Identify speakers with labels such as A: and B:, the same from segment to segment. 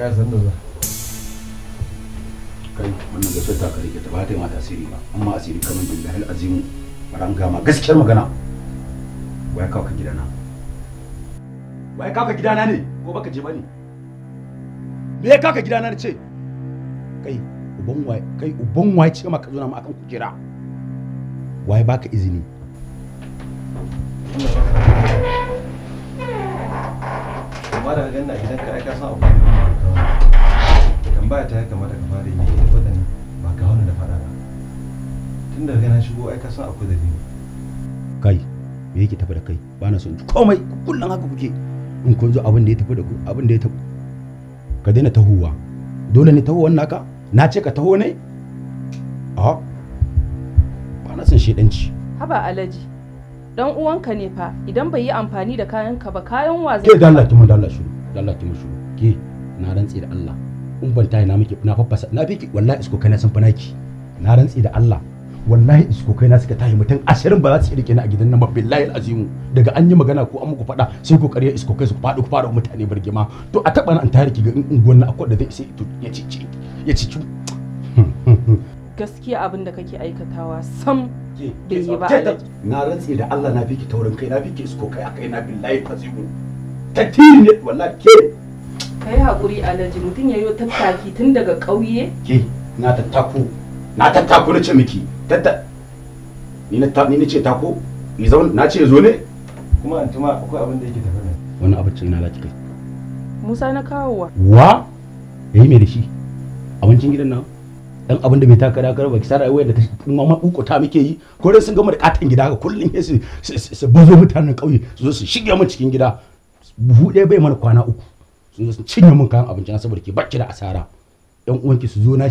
A: ya san za
B: kai wannan gasar ta kare ta ba ta yi mata asiri ba amma asiri kamar bin lahil azimu ran gama gaskiyar magana wai kawo ka gidana wai kawo ka gidana ne ko baka je ba ne me ya kawo ka gidana ne ce kai uban waye kai uban waye ce maka zo na akan kujera waye baka izini amma da gidanka ai ka abu tambaya ta ya kamata ka fara yi da waɗannan ba ka wani da faɗa ba tun daga na shigo ai ka san akwai kai me yake tafi da kai ba na son komai kullum haka kuke in kun zo abin da ya tafi da ku abin da ya tafi ka daina tahowa dole ne tahowan naka na ce ka taho ne a ba na son shedanci
C: haba alaji
D: dan uwanka ne fa idan bai yi amfani da kayan ka ba kayan wa zai ke dalla
B: dalla dalla ke na rantse da Allah in ban tayi na miki na faffasa na fiki wallahi isko kai na sun fanaki na rantse da Allah wallahi isko kai na suka tayi mutum 20 ba za su yi rike na a gidan nan ba billahi alazimu daga an yi magana ko an muku faɗa sai ku kariya isko kai su faɗi ku fara mutane bargima to a taɓa na an tare ki ga unguwan na akwai da zai sai to ya cici ya ci
D: gaskiya abin da kake aikatawa sam
B: bai yi ba na rantse da Allah na fiki taurin kai na fiki isko kai akai na billahi fazimu tatiri ne wallahi ke
D: ka yi haƙuri alhaji mutum ya yi tattaki tun daga ƙauye
B: ke na tattako na tattako na ce miki tatta ni na ce tako ni zaun na ce zo ne kuma an tuma akwai abin da yake tafi ne wani abincin na laki kai
E: musa na kawowa
B: wa yayi me da shi abincin gidan nan dan abin da bai taka da karba kisar ai da kuma ma ta muke yi ko dai sun gama da katan gida ga kullun sai su bazo mutanen ƙauye su zo su shige mu cikin gida buhu ɗaya bai mana kwana uku sun zo sun cinye mun kayan abinci na saboda ke bacci da asara yan uwanki su zo na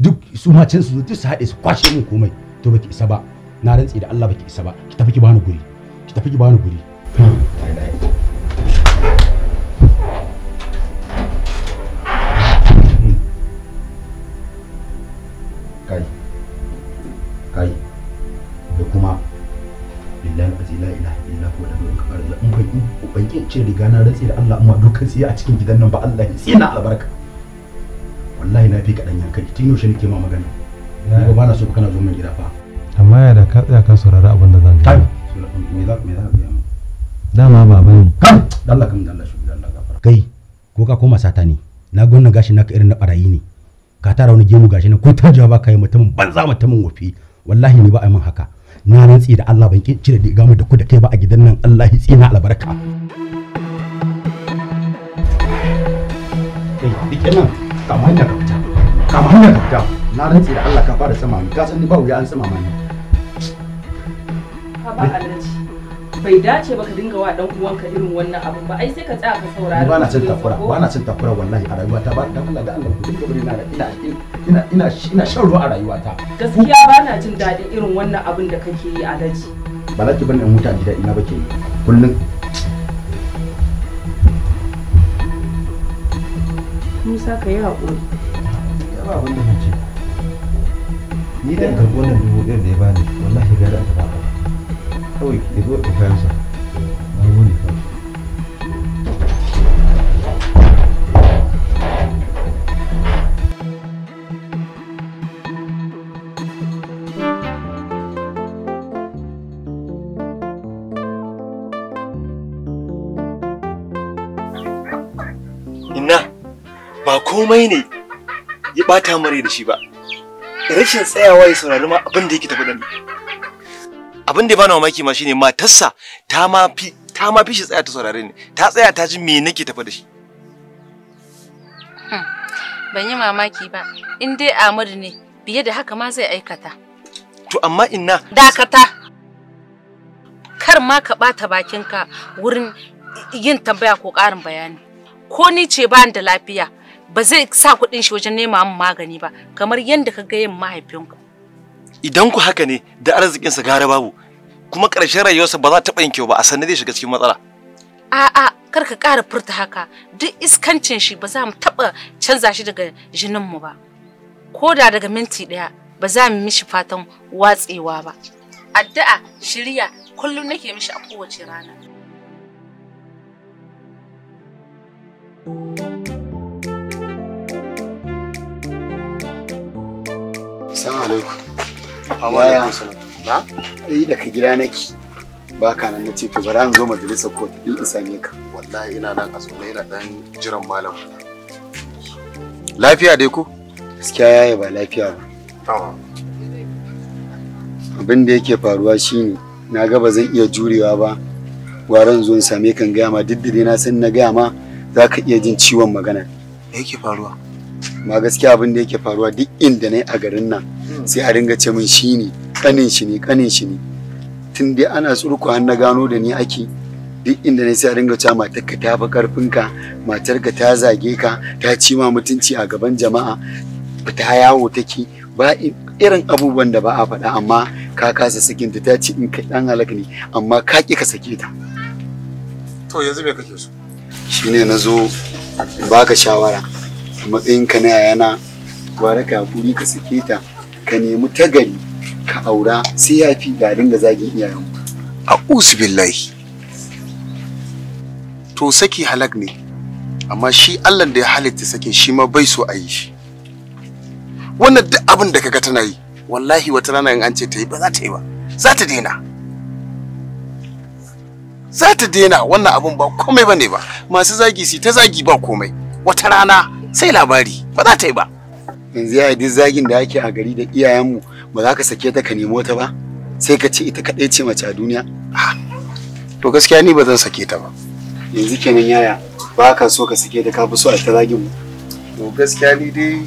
B: duk su ma can su zo duk su haɗe su kwashe min komai to baki isa ba na rantsi da Allah baki isa ba ki tafi ki bani guri ki tafi ki bani guri hmm. ce riga na rantsi da Allah amma dukkan tsiya a cikin gidan nan ba Allah ya tsina albarka wallahi na fi kadan yankari tun yaushe nake ma magana ni ba na so kana zo min gida fa amma ya da ka tsaya ka saurara abin da zan kai me za me za ka yi dama ba bane dan Allah dan Allah shi Allah gafara kai ko ka koma sata ne na gwanna gashi naka irin na barayi ne ka tara wani gemu gashi na ko ta jawaba kai yi mutumin banza mutumin wofi wallahi ni ba a min haka na rantsi da Allah ban cire da gamu da ku da kai ba a gidan nan Allah ya tsina albarka rike nan kama hanya ka fita kama hanya ka fita na rantsi da Allah ka fara sama ni ka san ni ba wuya an sama ma ni
A: ka ba alaji
D: bai dace ba ka dinga wa dan uwanka irin wannan abin ba ai sai ka tsaya ka saurari ba na cin takura ba na
B: cin takura wallahi a rayuwata ba dan Allah da Allah ku dinga bari na ina ina ina ina shan ruwa a rayuwata
D: gaskiya ba na jin daɗin irin wannan abin da kake yi alaji
B: ba za ki bani in huta gida ina ba ke kullum
F: musa ka yi haƙuri ba wanda da ce
B: ni da karɓi na dubu ɗaya da ya bani wallahi gara ta ba kawai ki zo ki sa. komai ne ya bata mare da shi ba rashin tsayawa ya saurari ma abin da yake tafi da ni abin da ya bani mamaki ma shine matarsa ta ma fi ta ma fi shi tsaya ta saurare ni ta tsaya ta ji me nake tafi da shi
D: hmm, ban yi mamaki ba in dai amadu ne biye da haka ma zai aikata to amma inna dakata kar ma ka bata bakinka wurin yin tambaya ko karin bayani ko ni ce ba da lafiya ba zai sa kuɗin shi wajen nema mu magani ba kamar yadda ka ga mahaifinku.
B: Idan ku haka ne da arzikinsa gara babu kuma ƙarshen rayuwarsa ba za ta taɓa yin ba a sanne zai shiga cikin matsala.
D: A'a kar ka kara furta haka duk iskancin shi ba za mu taɓa canza shi daga jininmu ba. Ko da daga minti ɗaya ba za mu mishi fatan watsewa ba. Addu'a shirya kullum nake mishi a kowace rana. thank you
G: Assalamu da ka gida nake. Ba ka nan ce, to bari an zo majalisa ko in same ka. Wallahi ina nan a zaune ina dan jiran malam. Lafiya dai ku? Gaskiya yaya ba lafiya ba. Abin da yake faruwa shine na ga ba zan iya jurewa ba. Gwaran zo in same kan gaya ma diddire na san na gaya ma za ka iya jin ciwon magana.
B: Me yake faruwa?
G: ma gaskiya abin da yake faruwa duk inda na yi a garin nan sai a ringa ce min shi ne kanin shi ne kanin shi ne tun dai ana tsurku har na gano da ni ake duk inda ne sai a ringa cewa ka ta fi matar ka ta zage ka ta ci ma mutunci a gaban jama'a ta yawo take ba irin abubuwan da ba a faɗa amma ka kasa sakin ta ce in ka dan halaka ne amma ka ki ka sake ta to yanzu me kake so shine na zo baka shawara matsayinka na yana gwara ka hakuri ka sake ta ka nemi tagari ka aura sai ya fi ga dinga zagin iyayen a billahi to saki halak ne amma shi Allah da ya halitta saki shi ma bai so a yi shi wannan duk abin da kaga tana yi wallahi wata rana in an ce ta yi ba za ta yi ba za ta daina za ta daina wannan abun ba komai bane ba masu zagi su ta zagi ba
B: komai wata rana sai labari ba
G: za ta yi ba yanzu ya duk zagin da ake a gari da iyayenmu ba za ka sake ta ka nemo ta ba sai ka ce ita kaɗai ce mace a duniya ah, to gaskiya ni ba zan sake ta ba yanzu kenan yaya ba ka so ka sake ta ka fi so a ta zagin mu to gaskiya ni dai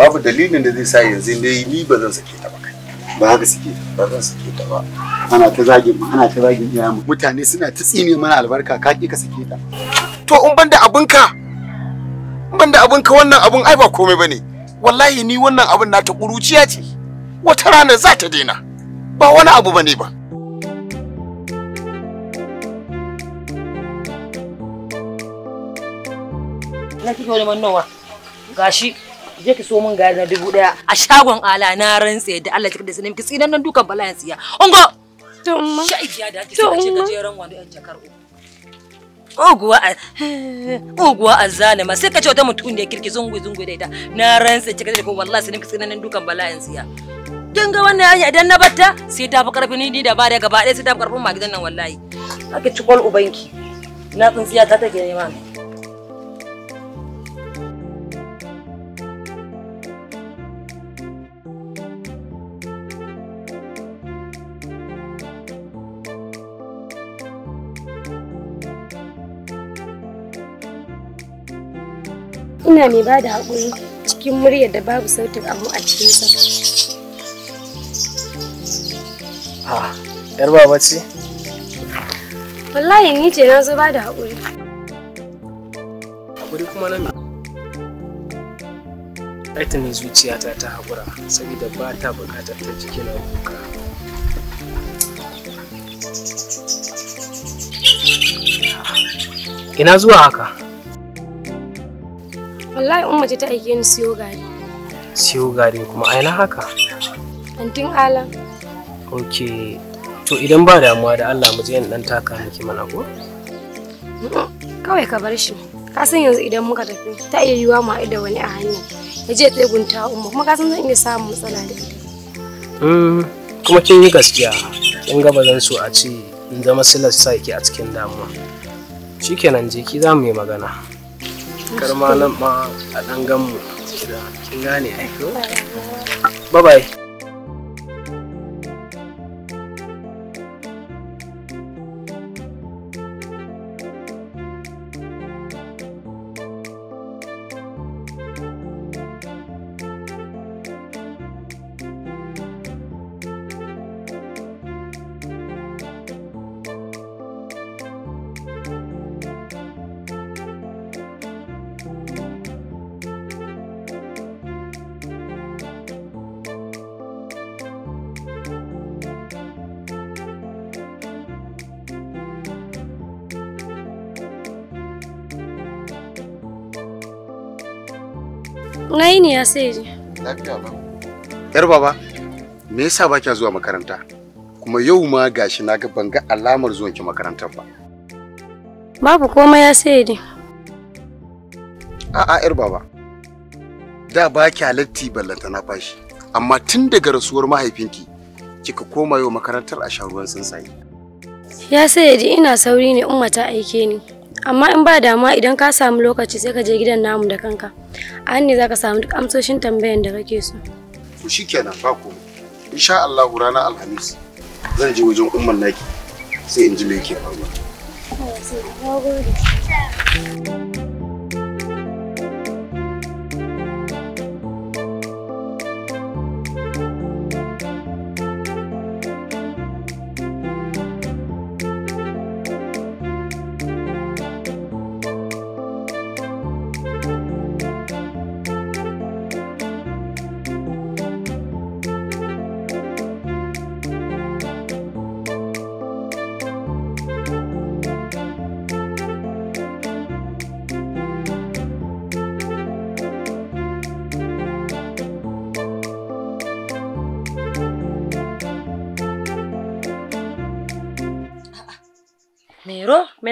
G: babu dalilin da zai sa yanzu dai ni ba zan sake ta ba ba haka ta ba zan sake ta ba ana ta zagin mu ana ta zagin iyayenmu mutane suna ta tsine mana albarka ka ki ka sake ta to in banda abinka banda da abun ka wannan abun ai ba komai bane wallahi ni wannan abun na ta kuruciya ce wata rana za ta daina ba wani abu bane ba
D: na kike wani manowa gashi je ki so min gari na dubu daya a shagon ala na rantsa da Allah kika da sanin ki tsinan nan dukan bala'in siya ungo to tumma ya da kike ce gajeren wani an jakar Oguwa a zalima sai ka ce wata mutum da kirki zungu zungu da ita na rantsa cika da wallahi sai ka tsina dukan bala'in tsiya. Kin ga wannan yanya idan na batta sai ta fi karfin ni da ba da gaba ɗaya sai ta fi karfin magidan nan wallahi. Ake ci kwal ubanki na tsintsiya ta take nema.
H: ina mai ba da haƙuri cikin muryar da babu sautin abu a cikinsa.
C: Ha, ‘yar baba ce?
H: Wallahi ni ce na zo ba da haƙuri.
F: Haƙuri kuma na Aita ne zuciyata ta haƙura saboda ba ta buƙatar ta cikin na kuka. Ina zuwa haka?
H: wallahi umma ta aike ni siyo gari
F: siyo gari kuma aina haka
H: antin ala
F: ok to idan ba damuwa da Allah mu je dan taka miki mana ko
H: kawai ka bar shi ka san yanzu idan muka tafi ta iya yiwa mu da wani a hanya ya je tsaye gunta umma kuma ka san zan iya samun matsala da ita
F: mm, kuma kin yi gaskiya kin ga bazan so a ce in zama silas sa a cikin damuwa shikenan ki za mu yi magana kar malam ma a dangan mu kin gane ai bye bye
H: Na yi ne ya sai je.
G: Lafiya ba. Yar baba, me yasa ba kya zuwa makaranta? Kuma yau ma gashi na ga banga alamar zuwan ki makarantar ba.
H: Babu komai ya sai je.
G: A'a yar baba. Da ba kya latti ballanta na fashi. Amma tun daga rasuwar mahaifinki kika koma yau makarantar a sharuwan sun sai.
H: Ya sai ina sauri ne umma ta aike ni. amma in ba damuwa idan ka samu lokaci sai ka je gidan namu da kanka a ne za ka samu duk amsoshin tambayan da kake so
G: to shikenan ba ko insha Allah ranar alhamis zan je wajen umman naki sai in ji me yake faruwa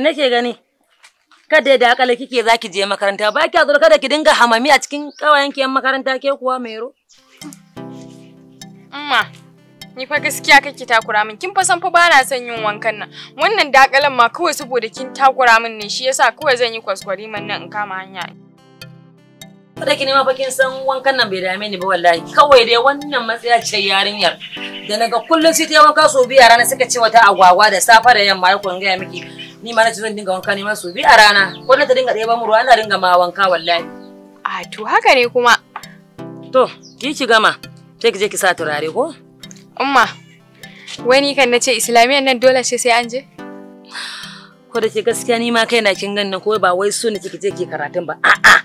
D: nake gani kada da akala kike zaki je makaranta ba kya zo kada ki dinga hamami a cikin kawayen ki makaranta ke kuwa ro
I: amma ni fa gaskiya kake takura min
D: kin fa san fa ba na son
I: yin wankan nan wannan dakalan ma kawai saboda kin takura min ne shi yasa kawai zan yi kwaskwari man nan in kama hanya
D: kada ki nema fa san wankan nan bai dame ni ba wallahi kawai dai wannan matsaya ce yarinyar da naga kullum sai ta wanka so biya rana suka ce wata agwagwa da safa da yamma ya kun ga miki ni ma na zan dinga wanka ne ma su bi a rana ko na ta dinga ɗaya mu ruwa na dinga ma wanka wallahi a to haka ne kuma to ki ki gama sai ki je ki sa turare ko umma
I: wani kan na ce islamiyan nan dole
D: ce sai an je ko da ke gaskiya ni ma kai na kin ganin ko ba wai so ne ki je ki karatun ba a'a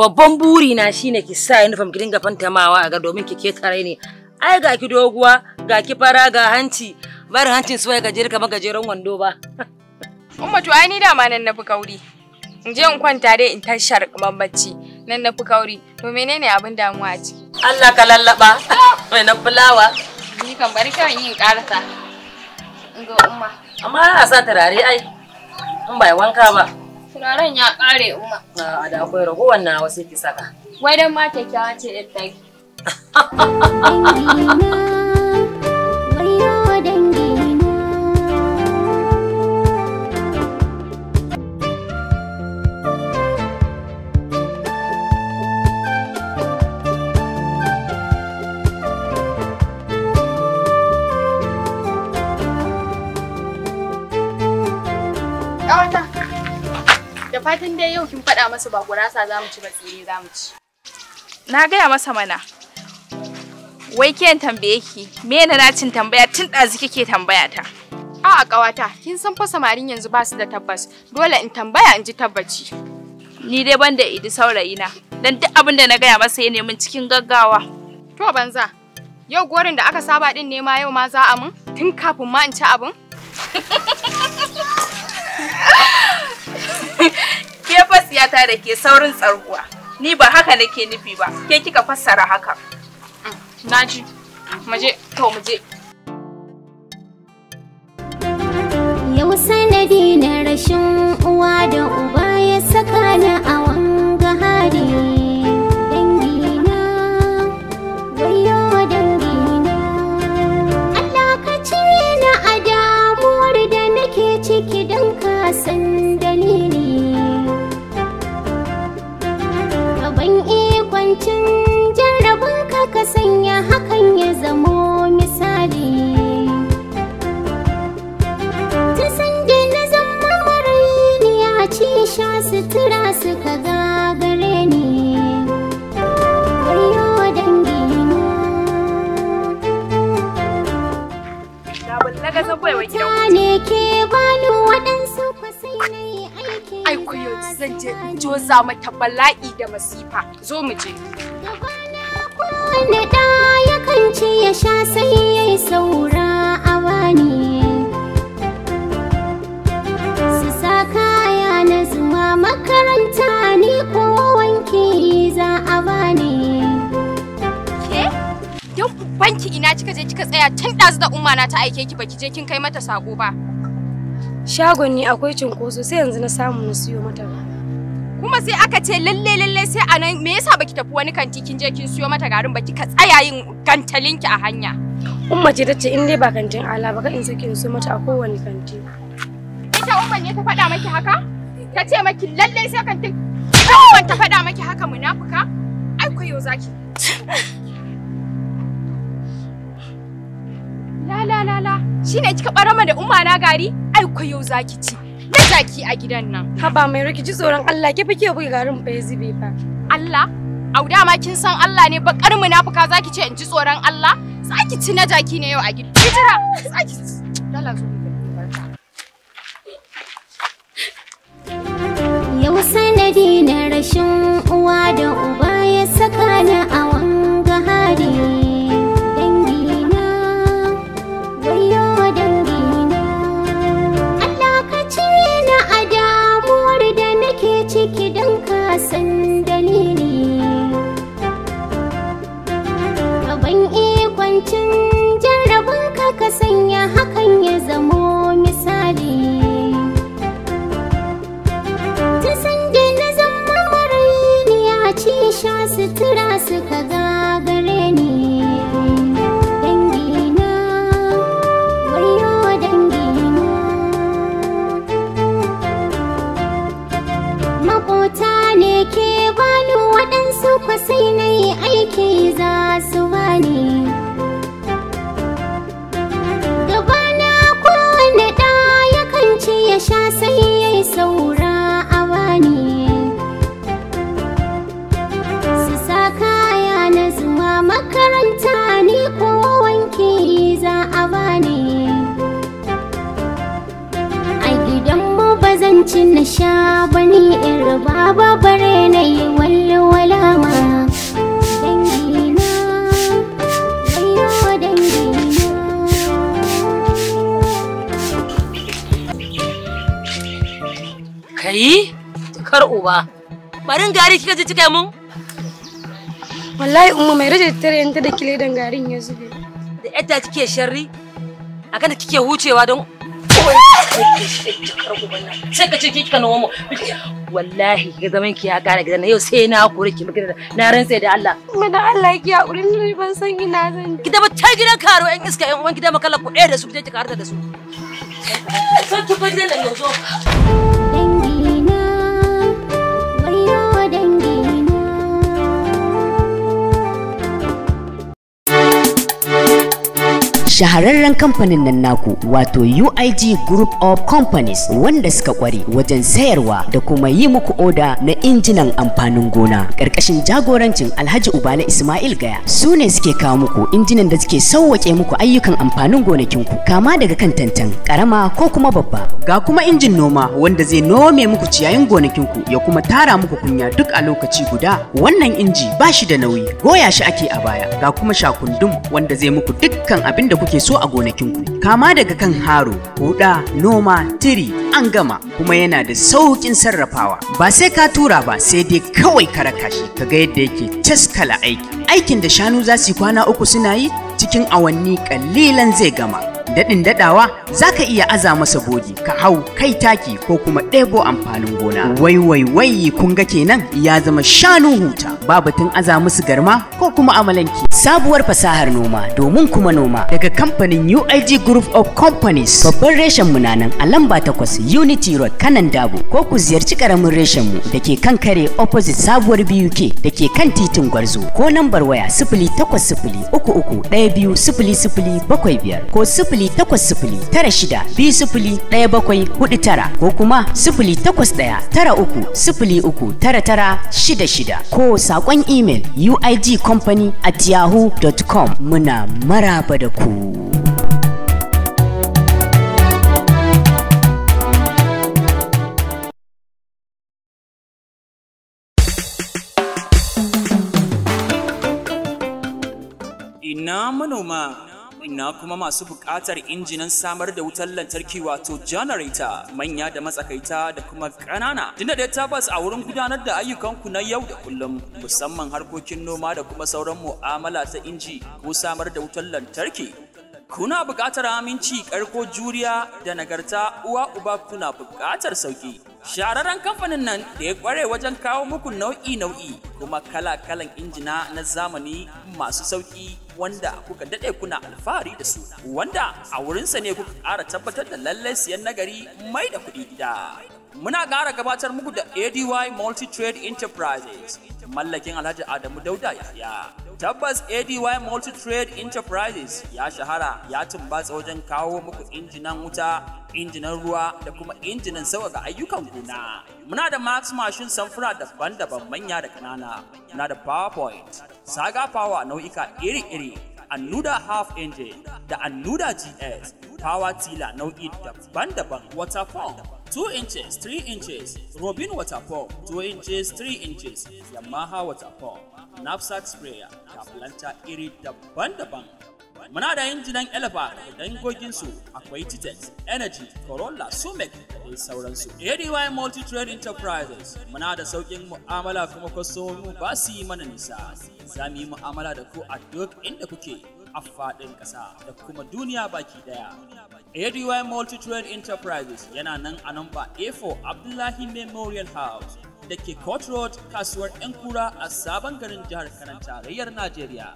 D: babban buri na shine ki sa uniform ki dinga fantamawa a ga domin ki ke tare ne ai ga ki doguwa ga ki fara ga hanci bar hancin suwai gajere kamar gajeren wando ba Umma to ai ni dama nan na fi kauri. In je in kwanta
I: dai in tashar kaman bacci. Nan na fi kauri. To menene abin damuwa a ciki? Allah ka lallaba.
D: Mai na fulawa.
I: Ni kan bari kawai yin karasa.
D: In ga umma. Amma ana sa turare ai. In bai wanka ba.
I: Turaren ya kare umma.
D: A da akwai ragowar na wasu ki saka.
A: Wai dan ma kyakkyawa ce ɗin ha ha ha
I: fatan dai yau kin faɗa masa ba gurasa za mu ci ba tsire za mu ci. Na gaya masa mana. Wai kiyan tambaye ki, me na nacin tambaya tun ɗazu kike tambaya ta. A'a ƙawata, kin san fa samarin yanzu ba su da tabbas, dole in tambaya in ji tabbaci. Ni dai ban da idi saurayina, dan duk abin da na gaya masa ya nemi cikin gaggawa. To banza, yau gorin da aka saba ɗin ne ma yau ma za a mun tun kafin ma in ci abin? ke fasiyata da ke saurin tsarguwa. Ni ba haka nake nufi ba, ke kika fassara haka. Mm, naji, maje, to muje.
A: Yau sanadi na rashin uwa da uba ya saka na
I: bala'i da masifa zo mu je
A: kowane da ya kanci ya sha sai ya yi saura a wani su sa kaya na zuwa makaranta ni ko wanki za a bani ke
I: don ubanki ina kika je kika tsaya tun ɗazu da umma na ta aike ki baki je kin kai mata sako ba
H: shagon ni akwai cinkoso sai yanzu na samu na siyo mata ba
I: kuma sai aka ce lalle lalle sai a nan me yasa baki tafi wani kanti kin je kin siyo mata garin baki ka tsaya yin kantalinki a hanya
H: umma ce tace in dai ba kantin ala ba ka in sake siyo mata a kowane kanti
I: ita umma ne ta faɗa maki haka ta ce maki lalle sai kantin ita umma ta faɗa maki haka munafuka ai ko yau zaki la la la la shine kika barama da umma na gari ai ko yau zaki ci zaki a gidan nan. Haba mai rikici tsoron
H: Allah ke fike buga garin fa ya zube fa.
I: Allah? Au ma kin san Allah ne na fuka zaki ce in ji tsoron Allah? Zaki ci na jaki ne yau a gidan. Ki Zaki Dala zo
A: Yau sanadi na rashin uwa da uba श्वास थोड़ा सुखगा
D: kar uba barin gari kika ji kika mun
H: wallahi umma mai rage tare yanta da kile dan
D: garin ya zube da yadda kike sharri akan da kike hucewa don
A: sai
D: ka ce kika nawo mu wallahi ga zaman ki ya kara gidan yau sai na kore ki maka na rantse da Allah mana da Allah ki hakuri ni ban san ina zan ki da ta gidan karo yan iska yan uwan ki da makalla ku ɗaya da su ki je ki karata da su
A: sai ki bar gidan nan yanzu पड़ेंगी
F: shahararren kamfanin nan naku wato UIG Group of Companies wanda suka kware wajen sayarwa da kuma yi muku oda na injinan amfanin gona ƙarƙashin jagorancin Alhaji Ubala Ismail Gaya su ne suke kawo muku injinan da suke sauwaƙe muku ayyukan amfanin gonakinku kama daga kan tantan ƙarama ko kuma babba ga kuma injin noma wanda zai nome muku ciyayin gonakinku ya kuma tara muku kunya duk a lokaci guda wannan inji ba shi da nauyi goya shi ake a baya ga kuma shakundum wanda zai muku dukkan abin da kuke kuke so a gonakinku kama daga kan haro huɗa noma tiri an gama kuma yana da sauƙin sarrafawa ba sai ka tura ba sai dai kawai ka raka shi ka ga yadda yake taskala aiki aikin da shanu za su kwana uku suna yi cikin awanni kalilan zai gama daɗin daɗawa za ka iya aza masa bogi ka hau kai taki ko kuma ɗebo amfanin gona wai wai wai kun ga kenan ya zama shanu huta babu tun aza musu garma ko kuma amalanki sabuwar fasahar noma domin kuma noma daga kamfanin UIG Group of Companies babban reshen mu nan a lamba takwas, Unity Road kanan dabo ko ku ziyarci karamin reshen mu da ke kan kare opposite sabuwar BUK da ke kan titin Gwarzo ko lambar waya 0800 biyar, ko tara, ko kuma 0819 uku tara tara shida shida ko saƙon email company at yahoo.com muna maraba da ku.
E: Ina manoma na kuma masu buƙatar injinan samar da wutar lantarki wato janareta manya da matsakaita da kuma ƙanana. Tunda dai tabbas a wurin gudanar da ayyukanku na yau da kullum musamman harkokin noma da kuma sauran mu'amala ta inji ko samar da wutar lantarki Kuna buƙatar aminci, ƙarko juriya da nagarta uwa uba kuna buƙatar sauƙi. Shahararren kamfanin nan da ya ƙware wajen kawo muku nau'i-nau'i kuma kala-kalan injina na zamani masu sauƙi wanda kuka daɗe kuna alfahari da su wanda a wurinsa ne kuka ƙara tabbatar da lallai siyan nagari mai da kuɗi gida. Muna gara gabatar muku da ADY Multi Trade Enterprises, mallakin Alhaji Adamu Dauda Yahya. Tabbas ADY Multi Trade Enterprises ya shahara ya tumbatsa wajen kawo muku injinan wuta, injinan ruwa da kuma injinan sauƙaƙa ayyukan gona. Muna da Max Machine samfura daban-daban manya da ƙanana. Muna da PowerPoint, Saga Power nau'ika iri-iri, Annuda Half Engine da Annuda GS, Power Tiller nau'i daban-daban, Pump, 2 inches 3 inches robin water pump 2 inches 3 inches yamaha water pump knapsack sprayer da planter iri daban-daban muna da injinan elefa da dangoginsu akwai titex energy corolla sumac da dai sauransu ady multi trade enterprises muna da sauƙin mu'amala kuma kwastomomi ba su yi mana nisa za mu yi mu'amala da ku a duk inda kuke a faɗin ƙasa da kuma duniya baki ɗaya. ADY Multitrade Enterprises yana nan a namba A4 Abdullahi Memorial House da ke Court Road kasuwar 'yan kura a sabon garin jihar Kanan tarayyar Najeriya.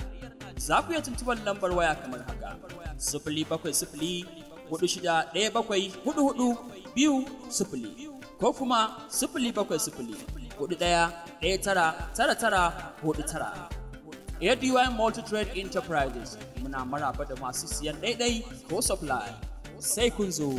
E: Za ku iya tuntubar lambar waya kamar haka. Sifili bakwai sifili hudu shida ɗaya bakwai hudu hudu biyu sifili ko kuma sifili bakwai sifili hudu ɗaya ɗaya tara tara tara hudu tara. ADY Multitrade Enterprises muna maraba da masu siyan ɗaiɗai ko supply sai kun zo.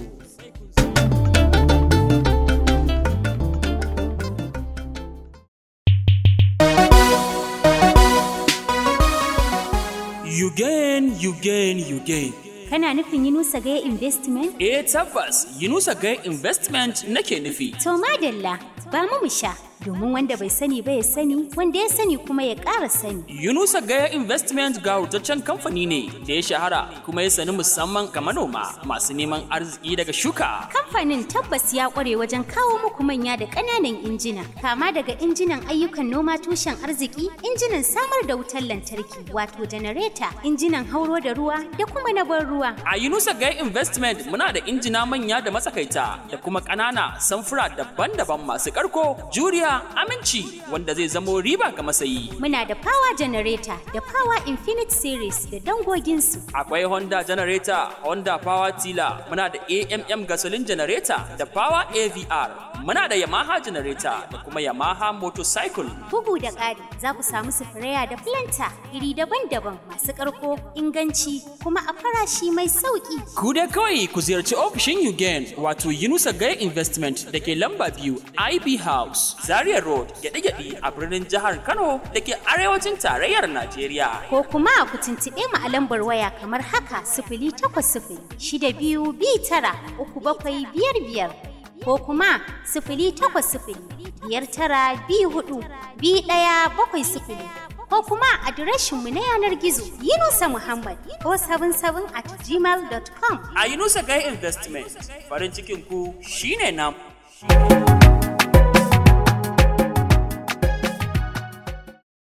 E: You gain, you gain, you gain.
C: Kana nufin nusa Gaya Investment? Eh tabbas,
E: nusa Gaya Investment nake nufi.
C: To madalla, ba mu sha. domin wanda bai sani ba ya sani wanda ya sani kuma ya ƙara sani.
E: Yunusa Gaya Investment ga hutaccen kamfani ne da ya shahara kuma ya sani musamman ga manoma masu neman arziki daga shuka.
C: Kamfanin tabbas ya ƙware wajen kawo muku manya da ƙananan injina kama daga injinan ayyukan noma tushen arziki, injinan samar da wutar lantarki wato janareta, injinan hauro da ruwa da kuma na ban ruwa.
E: A Yunusa Gaya Investment muna da injina manya da matsakaita da kuma ƙanana samfura daban-daban masu ƙarko, juriya aminci wanda zai zamo riba ga masayi.
C: Muna da Power Generator da Power Infinite Series da dangoginsu.
E: Akwai Honda Generator, Honda Power tila muna da AMM gasolin Generator da Power AVR. Muna da Yamaha generator da kuma Yamaha motorcycle.
C: Bugu da ƙari za ku samu sifiraya da planta iri daban-daban masu ƙarko, inganci kuma a farashi mai sauƙi.
E: Ku da kawai ku ziyarci ofishin Yugen wato Yunusa Gaya Investment da ke lamba biyu IB House, Zaria Road, gyaɗe-gyaɗe a birnin jihar Kano da ke arewacin tarayyar Najeriya.
C: Ko kuma ku tuntuɓe mu a lambar waya kamar haka sifili takwas sifili shida biyu bi tara uku bakwai biyar biyar ko kuma sifili takwas sifili biyar tara biyu hudu biyu ɗaya bakwai sifili ko kuma adireshinmu na yanar gizo yinusa Muhammad ko 77 at gmail.com.
E: A yinusa Gai Investment farin cikin ku shine namu.